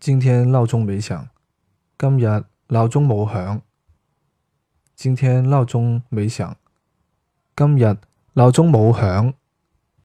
今天鬧鐘沒響，今日鬧鐘冇響。今天鬧鐘沒響，今日鬧鐘冇響。